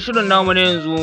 shirin namu na yanzu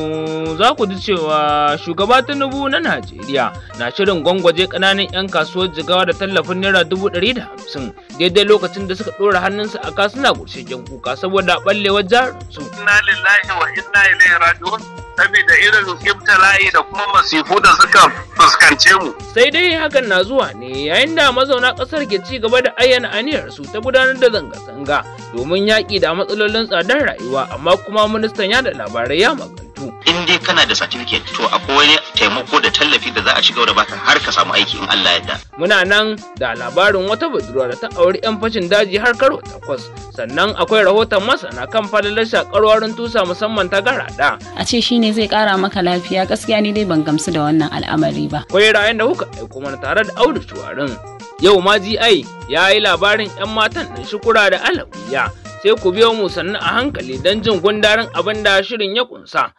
za ku ji cewa shugaba Tinubu na Najeriya na shirin gwangwaje ƙananan 'yan kasuwar jigawa da tallafin naira dubu ɗari da hamsin daidai lokacin da suka ɗora hannunsu a kasuna jan kuka saboda ɓallewar su. Ina lillahi wa inna ilaihi raji'un saboda irin ibtila'i da kuma masifu da suka fuskance mu. Sai dai hakan na zuwa ne yayin da mazauna ƙasar ke ci gaba da ayyana aniyar su ta gudanar da zanga-zanga domin yaƙi da matsalolin tsadar rayuwa amma kuma ministan yada labarai ya magana. in dai kana da certificate to akwai wani taimako da tallafi da za a shiga da baka har ka samu aiki in Allah ya muna nan da labarin wata budurwa da ta auri yan fashin daji har karo takwas sannan akwai rahoton masana kan falalar shakar warin tusa musamman ta garada a ce shine zai kara maka lafiya gaskiya ni dai ban gamsu da wannan al'amari ba akwai rayan da kuka aiko mana tare da Audu tuwarin yau ma GI ya yi labarin yan matan ɗin shukura da alawiya sai ku biyo mu sannan a hankali don jin gundarin abin da shirin ya kunsa.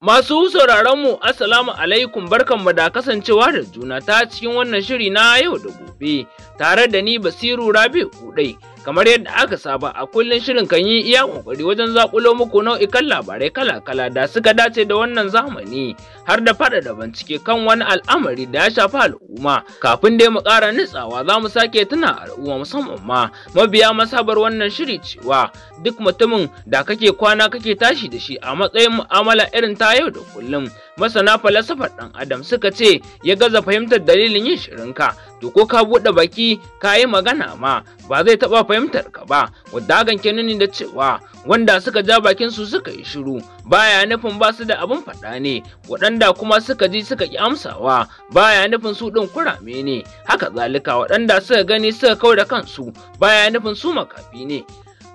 Masu sauraronmu, Assalamu alaikum barkanmu da kasancewa da juna ta cikin wannan shiri na yau da gobe, tare da ni Basiru Rabi'u Kudai. Kamar yadda aka saba a kullum shirin kan yi iya kokari wajen zakulo muku nau'ikan labarai kala-kala da suka dace da wannan zamani har da fada da bincike kan wani al'amari da ya shafi al'umma. Kafin dai mu ƙara nutsawa za mu sake tuna al'umma musamman ma mabiya masabar wannan shiri cewa duk mutumin da kake kwana kake tashi da shi a matsayin mu'amala irin ta yau da kullum. masana falasafar ɗan adam suka ce ya gaza fahimtar dalilin yin shirinka to ko ka buɗe baki ka yi magana ma ba zai taɓa fahimtar ka ba wadda hakan ke nuni da cewa wanda suka ja bakin su suka yi shiru baya nufin ba su da abin faɗa ne waɗanda kuma suka ji suka ƙi amsawa baya nufin su ɗin kurame ne haka zalika waɗanda suka gani suka kau kansu baya nufin su makafi ne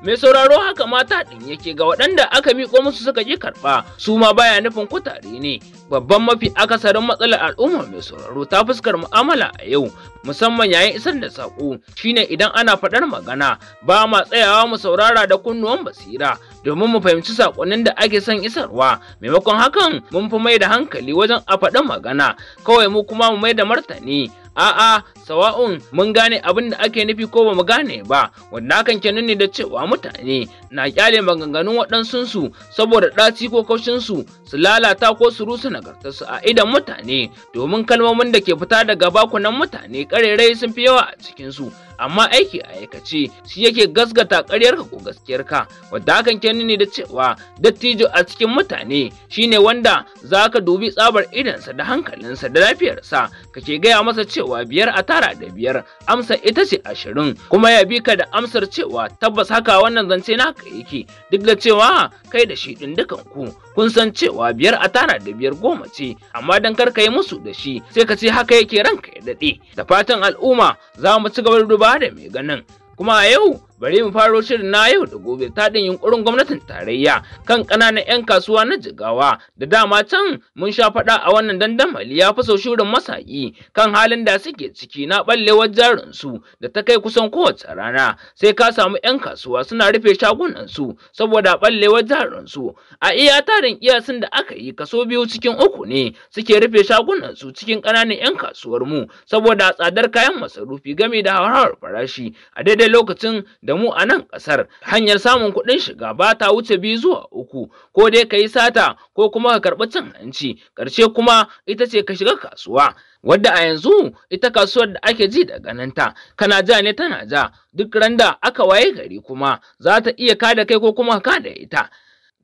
mai sauraro haka mata ɗin yake ga waɗanda aka miƙo musu suka ji karɓa su ma baya nufin kutare ne babban mafi akasarin matsalar al'umma mai sauraro ta fuskar mu'amala a yau musamman yayin isar da saƙo shine idan ana faɗar magana ba ma tsayawa mu saurara da kunnuwan basira domin mu fahimci saƙonnin da ake son isarwa maimakon hakan mun fi mai da hankali wajen a faɗin magana kawai mu kuma mu mai da martani a'a sawa'un mun gane abin da ake nufi ko ba mu gane ba wanda hakan ke nuni da cewa mutane na kyale maganganun waɗansunsu saboda ɗaci ko kaushinsu su lalata ko su rusa nagartarsu a idan mutane domin kalmomin da ke fita daga bakunan mutane ƙarerai sun fi yawa a cikinsu amma aiki a aikace shi yake gasgata ƙaryarka ko gaskiyarka wadda hakan ke nuni da cewa dattijo a cikin mutane shine wanda za ka dubi tsabar idansa da hankalinsa da lafiyarsa kake gaya masa cewa cewa biyar a tara da biyar amsa ita ce ashirin kuma ya bi ka da amsar cewa tabbas haka wannan zance naka yake duk da cewa kai da shi ɗin dukan ku kun san cewa biyar a tara da biyar goma ce amma dan kar ka yi musu da shi sai ka ce haka yake ranka ya daɗe da fatan al'umma za mu ci gaba da duba da mai ganin kuma a yau bari mu faro shirin na yau da gobe ta taɗin yunkurin gwamnatin tarayya kan kananan 'yan kasuwa na jigawa da dama can mun sha faɗa a wannan dandamali ya faso shirin masaki kan halin da suke ciki na ɓallewar su da ta kai kusan kowace rana sai ka samu 'yan kasuwa suna rufe shagunansu saboda ɓallewar su a iya tarin iyasin da aka yi kaso biyu cikin uku ne suke rufe su cikin ƙananan 'yan kasuwar mu saboda tsadar kayan masarufi game da hauhawar farashi a daidai lokacin da mu a nan ƙasar hanyar samun kuɗin shiga ba ta wuce biyu zuwa uku ko dai ka yi sata ko kuma ka karɓi cin hanci ƙarshe kuma ita ce ka shiga kasuwa wadda a yanzu ita kasuwar da ake ji da ganinta, kana ja ne tana ja duk randa aka waye gari kuma za ta iya kada kai ko kuma ka kada ita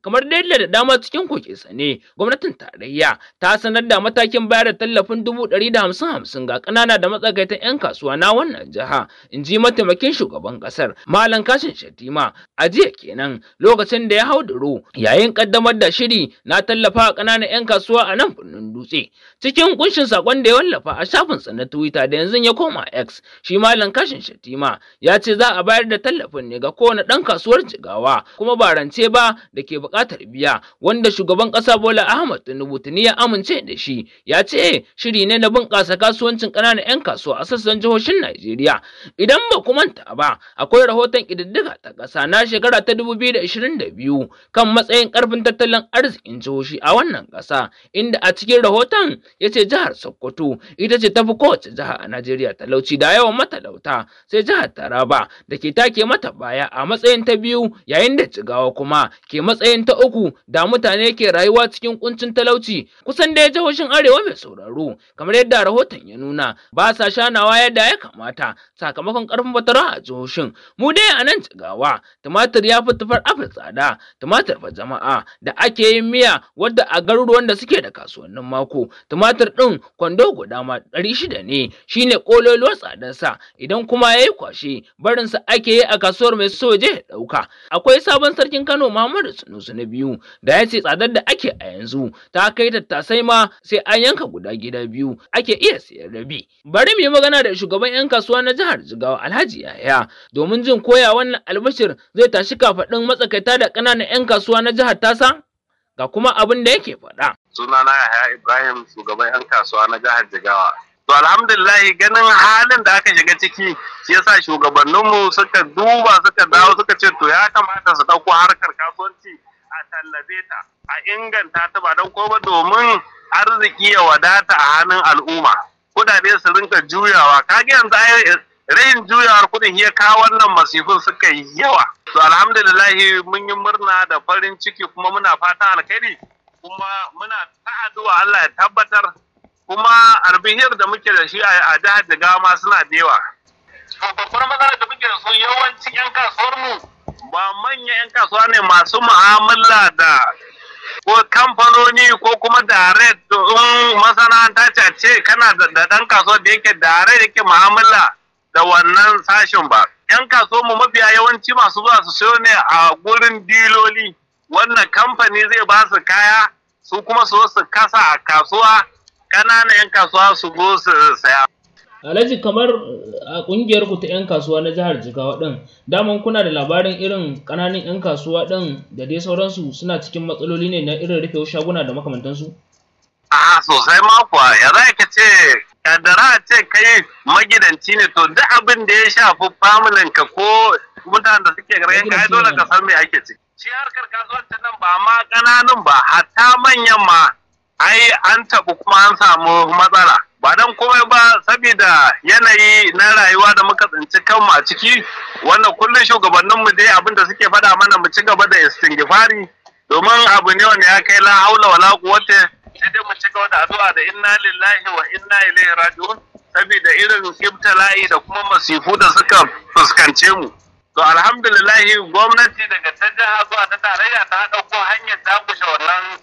kamar yadda da dama cikin koke sane gwamnatin tarayya ta sanar da matakin bayar da tallafin dubu ɗari da hamsin hamsin ga ƙanana da matsakaitan 'yan kasuwa na wannan jiha in ji mataimakin shugaban ƙasar malam kashin shatima a jiya kenan lokacin da ya hau duro yayin ƙaddamar da shiri na tallafa a ƙananan 'yan kasuwa a nan birnin dutse cikin kunshin sakon da ya wallafa a shafin sa na twitter da yanzu ya koma x shi malam kashin shatima ya ce za a bayar da tallafin ne ga kowane ɗan kasuwar jigawa kuma ba rance ba da ke buƙatar biya wanda shugaban ƙasa Bola Ahmad Tinubu tuni ya amince da shi ya ce shiri ne na bunƙasa kasuwancin ƙananan 'yan kasuwa a sassan jihohin Najeriya idan ba ku manta ba akwai rahoton ƙididdiga ta ƙasa na shekara ta 2022 kan matsayin ƙarfin tattalin arzikin jihohi a wannan ƙasa inda a cikin rahoton ya ce jihar Sokoto ita ce tafi kowace jiha a Najeriya talauci da yawan matalauta sai jihar Taraba da ke take mata baya a matsayin ta biyu yayin da Jigawa kuma ke matsayin arba'in ta uku da mutane ke rayuwa cikin kuncin talauci kusan da jihohin arewa mai sauraro kamar yadda rahoton ya nuna ba sa shanawa yadda ya kamata sakamakon karfin batara a jihohin mu dai a nan jigawa tumatir ya fi tufar afir tsada tumatir fa jama'a da ake yin miya wadda a garuruwan da suke da kasuwannin mako tumatir din kwando guda ma ɗari shida ne shine kololuwar tsadarsa idan kuma ya yi kwashe barinsa ake yi a kasuwar mai soje ya ɗauka akwai sabon sarkin kano muhammadu sunusu su na biyu da ya ce tsadar da ake a yanzu ta kai tattasai ma sai an yanka guda gida biyu ake iya sayar rabi bari mu yi magana da shugaban yan kasuwa na jihar jigawa alhaji yahaya domin jin koya wannan albashir zai tashi kafaɗin matsakaita da ƙananan yan kasuwa na jihar tasa ga kuma abin da yake faɗa. sunana yahaya ibrahim shugaban yan kasuwa na jihar jigawa to alhamdulillah ganin halin da aka shiga ciki shi yasa shugabanninmu suka duba suka dawo suka ce to ya kamata su ɗauko harkar kasuwanci a tallafe ta a inganta ta ba don ko domin arziki ya wadata a hannun al'umma kudade su rinka juyawa kage yanzu ai rayin juyawar kudin ya kawo wannan masifin suka yi yawa to alhamdulillah mun yi murna da farin ciki kuma muna fatan alkhairi kuma muna ta addu'a Allah ya tabbatar kuma arbihir da muke da shi a jihar Jigawa ma suna da yawa babbar matsalar da muke sun su yawancin 'yan kasuwar mu ba manyan 'yan kasuwa ne masu mu'amala da ko kamfanoni ko kuma direct in masana'anta ce ce kana da dan kasuwa da yake direct yake mu'amala da wannan sashen ba. 'Yan kasuwa mu mafiya yawanci masu zuwa su siyo ne a gurin diloli wannan kamfani zai ba su kaya su kuma su su kasa a kasuwa ƙananan 'yan kasuwa su zo su saya. Alhaji kamar a kungiyar ku ta 'yan kasuwa na jihar Jigawa din, daman kuna da labarin irin ƙananan 'yan kasuwa din da dai sauransu suna cikin matsaloli ne na irin rufe shaguna da makamantansu? A'a sosai ma ya za ka ce kadara ce kai magidanci ne to duk abin da ya shafi familin ka ko mutanen da suke gare ka dole ka san me ake ciki. Shi harkar kasuwancin nan ba ma ƙananun ba, hatta manyan ma ai an taɓa kuma an samu matsala. ba dan komai ba saboda yanayi na rayuwa da muka tsinci kanmu a ciki wannan kullum shugabanninmu dai abinda suke faɗa mana mu ci gaba da istingifari domin abu ne wani ya kai la haula wala quwwata sai dai mu ci gaba da addu'a da inna lillahi wa inna ilaihi raji'un saboda irin ibtila'i da kuma masifu da suka fuskance mu to alhamdulillah gwamnati daga ta jiha zuwa ta tarayya ta ɗauko hanyar dakushe wannan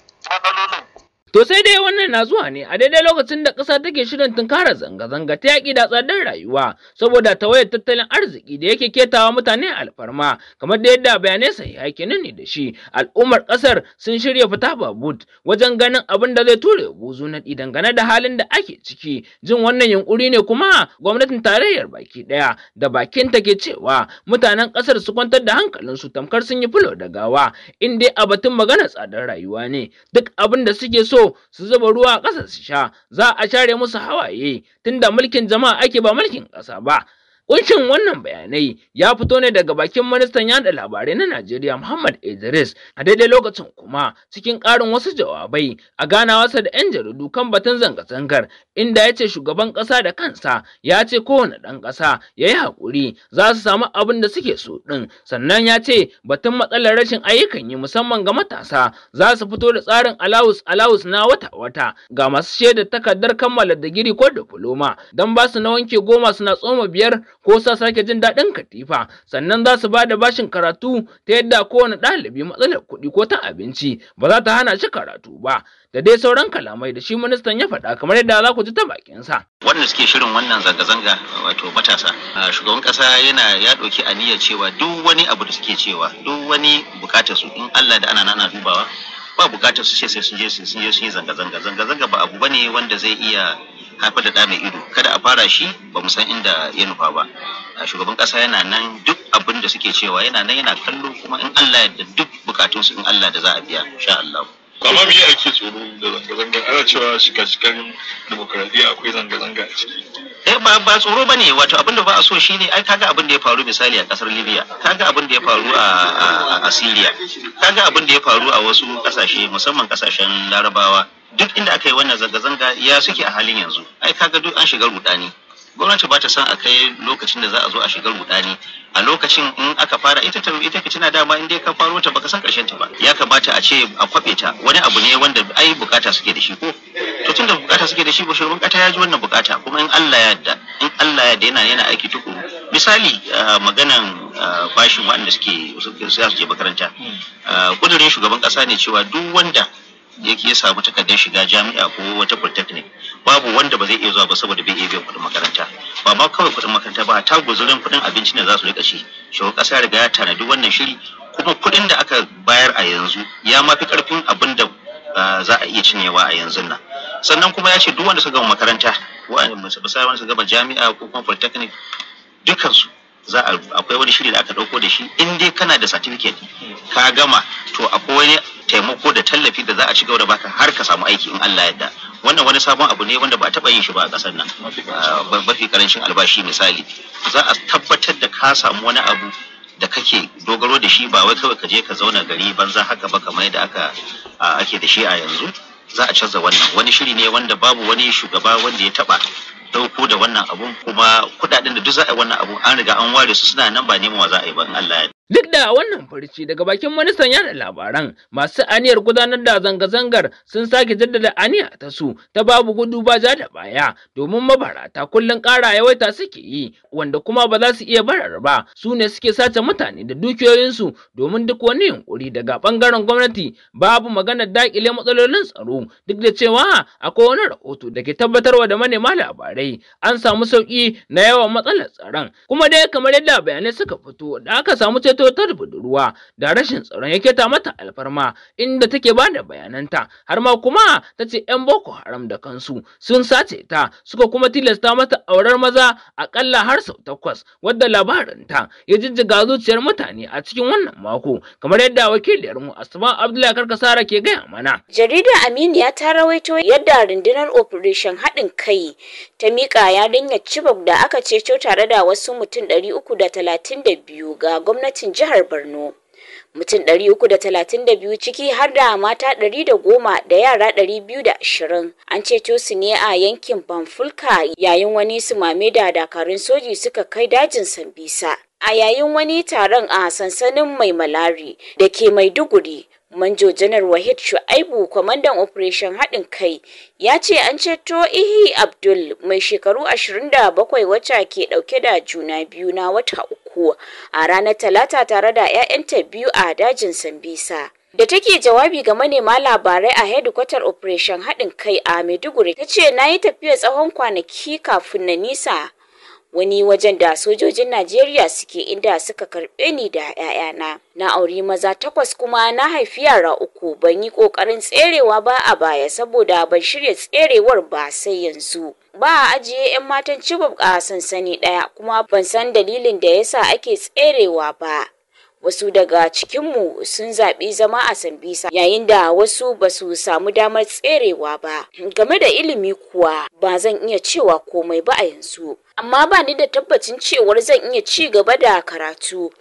To sai dai wannan na zuwa ne a daidai lokacin da ƙasa take shirin tunkarar zanga-zanga ta yaƙi da tsadar rayuwa saboda tawayar tattalin arziki da yake ketawa mutane alfarma kamar da yadda bayanai sai yake nuni da shi al'ummar ƙasar sun shirya fita babut wajen ganin abin da zai ture buzu na dangane da halin da ake ciki jin wannan yunkuri ne kuma gwamnatin tarayyar baki ɗaya da bakin take cewa mutanen ƙasar su kwantar da hankalinsu tamkar sun yi fulo da gawa in dai a batun maganar tsadar rayuwa ne duk abin da suke so yau su zuba ruwa ƙasa su sha za a share musu hawaye tunda mulkin jama'a ake ba mulkin ƙasa ba Kunshin wannan bayanai ya fito ne daga bakin ministan yaɗa labarai na Najeriya Muhammad Idris a daidai lokacin kuma cikin ƙarin wasu jawabai a ganawarsa da 'yan jaridu kan batun zanga-zangar inda ya ce shugaban ƙasa da kansa ya ce kowane ɗan ƙasa ya yi haƙuri za su samu abin da suke so ɗin sannan ya ce batun matsalar rashin ayyukan yi musamman ga matasa za su fito da tsarin alawus alawus na wata-wata ga masu shaida takardar kammala digiri ko diploma don ba su na wanke goma suna tsoma biyar ko sa sake jin daɗin katifa sannan za su ba da bashin karatu ta yadda kowane ɗalibi matsalar kuɗi ko ta abinci ba za ta hana shi karatu ba da dai sauran kalamai da shi ministan ya faɗa kamar yadda za ku ji ta bakinsa. Wanda suke shirin wannan zanga-zanga wato matasa shugaban ƙasa yana ya ɗauki aniyar cewa duk wani abu da suke cewa duk wani bukatar su in Allah da ana nana dubawa ba bukatar su ce sai sun je sun je sun yi zanga-zanga zanga-zanga ba abu bane wanda zai iya haifar da ɗa mai ido kada a fara shi ba mu san inda ya nufa ba shugaban ƙasa yana nan duk abin da suke cewa yana nan yana kallo kuma in Allah ya da duk bukatunsu in Allah da za a biya insha Allah amma me ake tsoro da zanga-zanga ana cewa shika-shikan demokaradiyya akwai zanga-zanga a ciki eh, ba ba tsoro bane wato abin da ba a so shine ai kaga abin da ya faru misali a kasar Libya kaga abin da ya faru a a Syria kaga abin da ya faru a wasu kasashe musamman kasashen Larabawa duk inda aka yi wannan zanga-zanga ya suke a halin yanzu ai kaga duk an shiga rudani gwamnati ba ta son a kai lokacin da za a zo a shigar rudani a lokacin in aka fara ita ta ita tana dama in dai ka faro ta baka san karshen ta ba ya kamata a ce a kwabe ta wani abu ne wanda ai bukata suke da shi ko to tunda bukata suke da shi ba shugaban kata ya ji wannan bukata kuma in Allah ya yarda in Allah ya yarda yana yana aiki tukuru misali maganan bashin waɗanda suke su je makaranta kudurin shugaban kasa ne cewa duk wanda yake ya samu takardar shiga jami'a ko wata polytechnic babu wanda ba zai iya zuwa ba saboda bai iya biyan kuɗin makaranta ba ma kawai kuɗin makaranta ba ta guzurin kuɗin abinci ne za su rika shi shugaban ƙasa riga ya tanadi wannan shiri kuma kuɗin da aka bayar a yanzu ya mafi ƙarfin abin da za a iya cinyewa a yanzu nan sannan kuma ya ce duk wanda suka gama makaranta wanda suka gama jami'a ko kuma polytechnic dukansu za akwai wani shiri da aka dauko da shi in dai kana da certificate ka gama to akwai wani taimako da tallafi da za a ci gaba da baka har ka samu aiki in Allah yadda wannan wani sabon abu ne wanda ba a yin shi ba a kasar nan ah, mafi karancin albashi misali za a tabbatar da ka samu wani abu da kake dogaro da shi ba wai kawai ka je ka zauna gari banza haka ba kamar yadda aka ake da shi a yanzu za a canza wannan wani shiri ne wanda babu wani shugaba wanda ya taba dauko da wannan abun kuma kudaden da duk za a yi wannan abun an riga an ware su suna nan ba neman wa za a yi ba in Allah ya Duk da wannan furci daga bakin ministan yada labaran masu aniyar gudanar da zanga-zangar sun sake jaddada aniya ta su ta babu gudu ba ja da baya domin mabarata kullum ƙara yawaita suke yi wanda kuma ba za su iya barar ba su ne suke sace mutane da dukiyoyinsu domin duk wani yunkuri daga ɓangaren gwamnati babu maganar daƙile matsalolin tsaro duk da cewa akwai wani rahoto da ke tabbatarwa da manema labarai an samu sauƙi na yawan matsalar tsaron kuma dai kamar yadda bayanai suka fito da aka samu gayyato ta budurwa da rashin tsaron ya keta mata alfarma inda take ba da bayananta har ma kuma tace ce 'yan boko haram da kansu sun sace ta suka kuma tilasta mata aurar maza a akalla har sau takwas wadda labarinta ya jijjiga zuciyar mutane a cikin wannan mako kamar yadda wakiliyarmu Asma Abdullahi Karkasara ke gaya mana. Jaridar ya ta rawaito yadda rundunar Operation haɗin kai ta miƙa yarinyar cibok da aka ceto tare da wasu mutum ɗari uku da da talatin biyu ga gwamnatin gwamnatin jihar Borno. Mutum 332 ciki har da mata 110 da yara 220 an ceto su ne a yankin Banfulka yayin wani su mame da dakarun soji suka kai dajin Sambisa. A yayin wani taron a sansanin mai malari da ke Maiduguri Manjo Janar Wahid Shu'aibu, kwamandan operation haɗin kai, ya ce an ceto Ihi Abdul mai shekaru 27 wacce ke ɗauke da juna biyu na wata uku a ranar Talata tare da 'ya'yanta biyu a dajin Sambisa. da take jawabi ga manema labarai a hedikwatar operation haɗin kai a maiduguri ta ce na yi tafiya tsawon kwanaki kafin na nisa wani wajen da sojojin Najeriya suke inda suka karbe ni da 'ya'yana. Na auri maza takwas kuma na haifi yara uku ban yi ƙoƙarin tserewa ba a baya saboda ban shirya tserewar ba sai yanzu. Ba a ajiye 'yan matan cibab a sansani ɗaya kuma ban san dalilin da yasa ake tserewa ba. wasu daga cikinmu sun zaɓi zama a sambisa yayin da wasu ba su samu damar tserewa ba game da ilimi kuwa ba zan iya cewa komai ba a yanzu amma ba ni da tabbacin cewar zan iya ci gaba da karatu.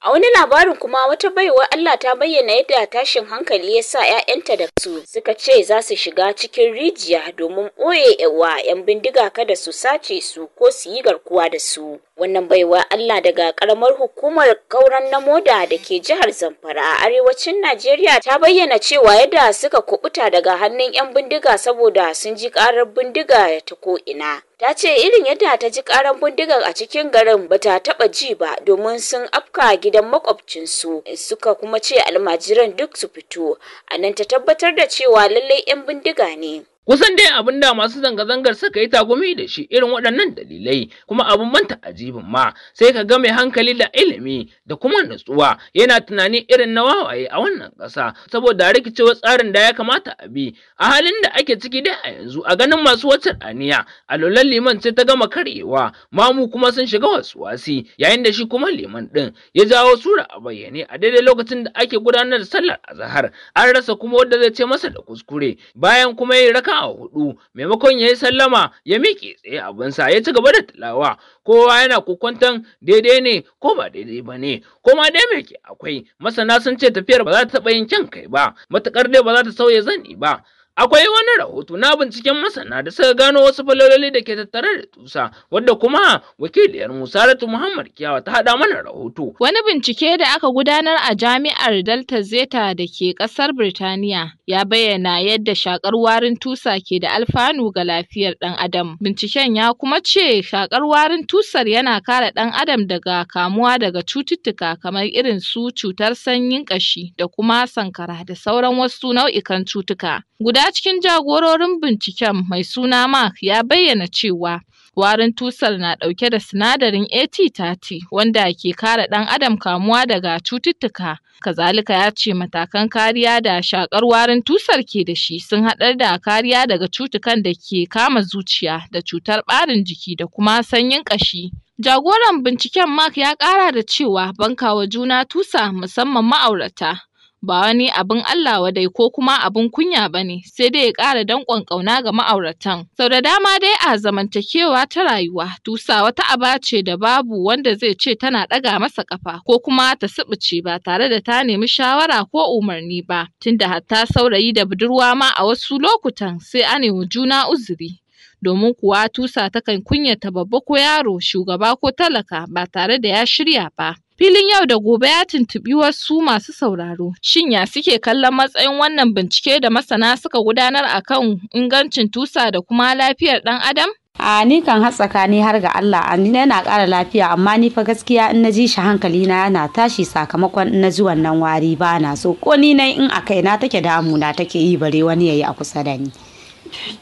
A wani labarin kuma wata baiwa Allah ta bayyana yadda tashin hankali ya sa 'ya'yanta da su suka ce za su shiga cikin rijiya domin ɓoye wa 'yan bindiga kada su sace su ko su yi garkuwa da su. Wannan baiwa Allah daga karamar hukumar kauran na moda da ke jihar Zamfara a arewacin Najeriya ta bayyana cewa yadda suka kubuta daga hannun 'yan bindiga saboda sun ji karar bindiga ta ko'ina. ta ce irin yadda ta ji karar bindiga a cikin garin ba ta taba ji ba domin sun afka gidan makwabcinsu suka kuma ce almajiran duk su fito a nan ta tabbatar da cewa lallai 'yan bindiga ne Kusan dai abin da masu zanga-zangar suka yi tagumi da shi irin waɗannan dalilai kuma abin manta a jibin ma sai ka ga mai hankali da ilimi da kuma nutsuwa, yana tunani irin na wawaye a wannan ƙasa saboda rikicewar tsarin da ya kamata a bi a halin da ake ciki dai a yanzu a ganin masu wacce aniya alolan liman ce ta gama karyewa mamu kuma sun shiga wasu wasi yayin da shi kuma liman ɗin ya jawo sura a bayyane a daidai lokacin da ake gudanar da sallar azahar an rasa kuma wanda zai ce masa da kuskure bayan kuma yi raka raka'a hudu maimakon ya yi sallama ya miƙe tsaye abinsa ya ci gaba da tilawa kowa yana kukwantan daidai ne ko ba daidai ba ne ko ma dai me ke akwai masana sun ce tafiyar ba za ta taɓa yin kyan kai ba matuƙar dai ba za ta sauya zani ba Akwai wani rahoto na binciken masana da suka gano wasu falololi da ke tattare da tusa, wadda kuma wakiliyar Musaratu Muhammad Kiyawa ta haɗa mana rahoto. Wani bincike da aka gudanar a jami'ar Delta Zeta da ke ƙasar Birtaniya ya bayyana yadda shakar warin tusa ke da alfanu ga lafiyar ɗan adam. Binciken ya kuma ce shakar warin tusar yana kare ɗan adam daga kamuwa daga cututtuka kamar irin su cutar sanyin ƙashi da kuma sankara da sauran wasu nau'ikan cutuka. A cikin jagororin binciken, mai suna Mark, ya bayyana cewa warin tusar na ɗauke da sinadarin AT30 wanda ke kare ɗan adam kamuwa daga cututtuka. Kazalika ya ce matakan kariya da shakar warin tusar ke da shi sun haɗar da kariya daga cutukan da ke kama zuciya da cutar ɓarin jiki da kuma sanyin ƙashi. Jagoran binciken Mark ya ƙara da cewa bankawa juna tusa musamman ma'aurata ba wani abin Allah wadai ko kuma abin kunya ba ne sai dai ya ƙara danƙon ƙauna ga ma'auratan. Sau da dama dai a zamantakewa ta rayuwa tusa wata aba ce da babu wanda zai ce tana ɗaga masa ƙafa ko kuma ta siɓice ba tare da ta nemi shawara ko umarni ba tunda hatta saurayi da budurwa ma a wasu lokutan sai a nemi juna uzuri. domin kuwa tusa takan kunyata babba ko yaro shugaba ko talaka ba tare da ya shirya ba. Filin yau da gobe ya tuntuɓi wasu masu sauraro, shin ya suke kallon matsayin wannan bincike da masana suka gudanar a kan ingancin tusa da kuma lafiyar ɗan adam? a ni kan hatsaka ni har ga Allah a ni yana ƙara lafiya amma ni fa gaskiya in na ji shi hankali na yana tashi sakamakon in na ji wannan wari ba na so ko ni na in a kai na take damuna take yi bare wani yayi a kusa da ni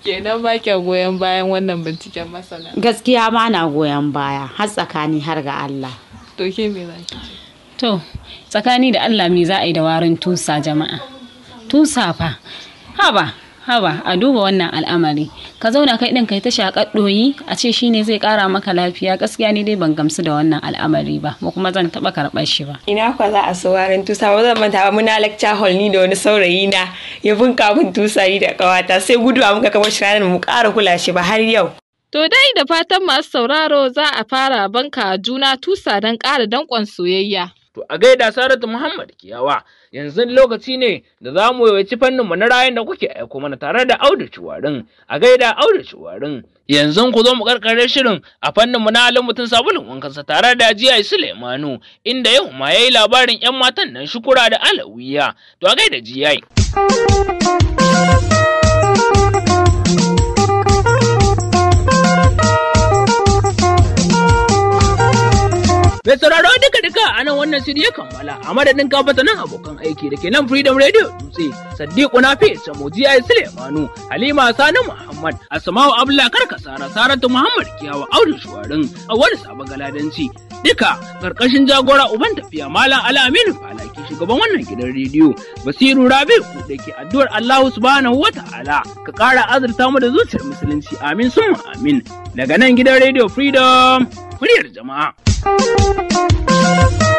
kenan ba kya goyon bayan wannan binciken masana gaskiya ma na goyon baya har tsakani har ga Allah to ke za to tsakani da Allah me za a yi da warin tusa jama'a tusa fa haba haba a duba wannan al'amari ka zauna kai ɗin kai ta shakar ɗoyi a ce shi ne zai ƙara maka lafiya gaskiya ne dai ban gamsu da wannan al'amari ba mu kuma zan taɓa karɓar shi ba ina kwa za a warin tusa ba zan manta muna lecture hall ni da wani saurayi na ya bunka min tusa ni da ƙawata sai gudu a muka kamar shi ranar mu ƙara kula shi ba har yau To dai da fatan masu sauraro za a fara banka juna tusa don ƙara danƙon soyayya. To a gaida Saratu Muhammad Kiyawa yanzu lokaci ne da za mu yawaci fannin mu na rayan da kuke aiko mana tare da Audu Ciwarin a gaida Audu Ciwarin yanzu ku zo mu karkare shirin a fannin mu na halin mutum sabulun wankansa tare da Jiya Sulaimanu inda yau ma yayi labarin yan matan nan shukura da alawiya to a gaida Jiya. Mai sauraro duka duka a nan wannan shirye kammala a madadin kafa nan abokan aiki da ke nan Freedom Radio Dutse, Sadiku Nafi, Samoji ai Sulemanu, Halima Sani Muhammad, Asma'u Karka, Sara, Saratu Muhammad Kiyawa, Audu Shuwarin, Awadu Saba Galadanci. Duka karkashin jagora uban tafiya Malam Ala Aminu Falaki shugaban wannan gidan rediyo Basiru Rabi da ke addu'ar Allahu subhanahu wa ta'ala ka kara azurta mu da zuciyar musulunci amin sun amin daga nan gidan rediyo Freedom muryar jama'a. Thank you.